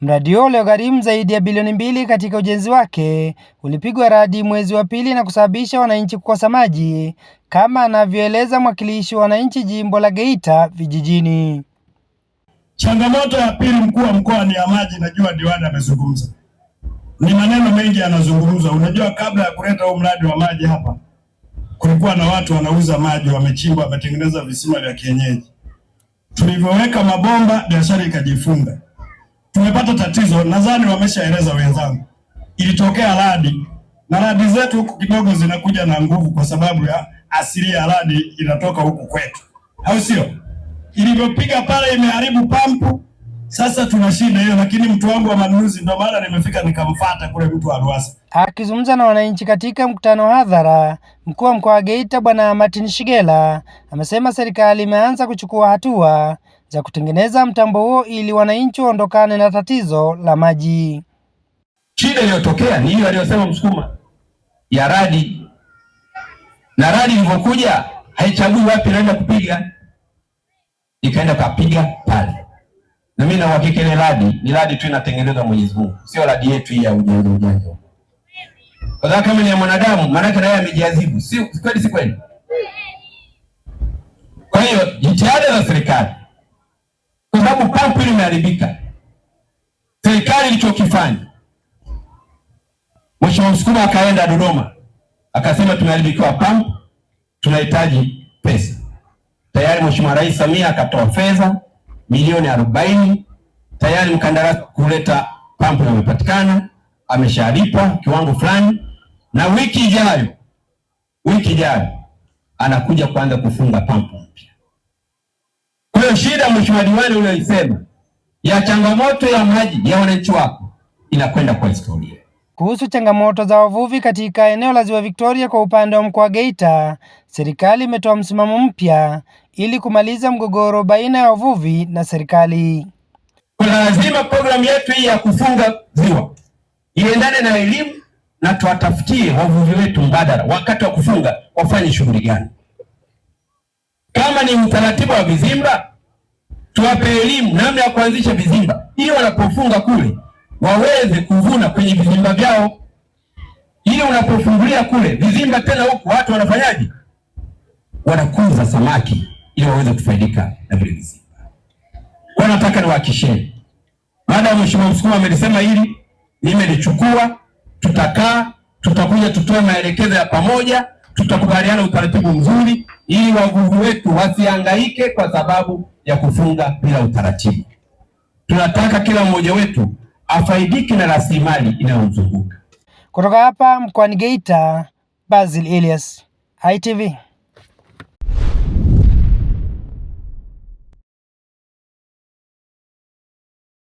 Mradi huo uliogharimu zaidi ya bilioni mbili katika ujenzi wake ulipigwa radi mwezi wa pili na kusababisha wananchi kukosa maji kama anavyoeleza mwakilishi wa wananchi jimbo la Geita Vijijini. Changamoto ya pili, mkuu wa mkoa, ni ya maji. Najua diwani amezungumza, ni maneno mengi yanazungumzwa. Unajua, kabla ya kuleta huu mradi wa maji hapa, kulikuwa na watu wanauza maji, wamechimba, wametengeneza visima vya kienyeji. Tulivyoweka mabomba, biashara ikajifunga tumepata tatizo, nadhani wameshaeleza wenzangu, ilitokea radi na radi zetu huku kidogo zinakuja na nguvu, kwa sababu ya asili ya radi inatoka huku kwetu, au sio? Ilivyopiga pale imeharibu pampu. Sasa tuna shida hiyo, lakini mtu wangu wa manunuzi, ndio maana nimefika nikamfuata kule mtu wa ruasa Akizungumza na wananchi katika mkutano hadhara, mkuu wa mkoa wa Geita Bwana Martin Shigela amesema serikali imeanza kuchukua hatua za kutengeneza mtambo huo ili wananchi waondokane na tatizo la maji. Shida iliyotokea ni hiyo aliyosema Msukuma ya radi, na radi ilivyokuja haichagui wapi naenda kupiga, ikaenda kapiga pale. Na mimi na uhakika ile radi ni radi tu inatengenezwa na Mwenyezi Mungu, sio radi yetu hii ya ujenzi ujenzi. Kwa sababu kama ni ya mwanadamu, maanake naye amejiadhibu, si kweli? Si kweli? Kwa hiyo jitihada za serikali kwa sababu pampu ile imeharibika. Serikali ilichokifanya, Mheshimiwa Msukuma akaenda Dodoma akasema tumeharibikiwa pampu, tunahitaji pesa. Tayari Mheshimiwa Rais Samia akatoa fedha milioni arobaini tayari mkandarasi kuleta pampu imepatikana, ameshalipwa kiwango fulani, na wiki ijayo wiki ijayo anakuja kuanza kufunga pampu mpya. Ndio shida mheshimiwa diwani uliyoisema ya changamoto ya maji ya wananchi wako inakwenda kwa historia. Kuhusu changamoto za wavuvi katika eneo la Ziwa Victoria kwa upande wa mkoa wa Geita, serikali imetoa msimamo mpya ili kumaliza mgogoro baina ya wavuvi na serikali. Kuna lazima programu yetu hii ya kufunga ziwa iendane na elimu na tuwatafutie wavuvi wetu mbadala, wakati wa kufunga wafanye shughuli gani, kama ni utaratibu wa vizimba tuwape elimu namna ya kuanzisha vizimba ili wanapofunga kule waweze kuvuna kwenye vizimba vyao, ili unapofungulia kule vizimba tena huku watu wanafanyaje? Wanakuza samaki ili waweze kufaidika na vile vizimba. Kwa nataka niwahakisheni, baada ya mheshimiwa Msukuma amelisema hili, nimelichukua, tutakaa, tutakuja tutoe maelekezo ya pamoja tutakubaliana utaratibu mzuri, ili wavuvi wetu wasihangaike kwa sababu ya kufunga bila utaratibu. Tunataka kila mmoja wetu afaidike na rasilimali inayomzunguka. Kutoka hapa mkoani Geita, Basil Elias, ITV.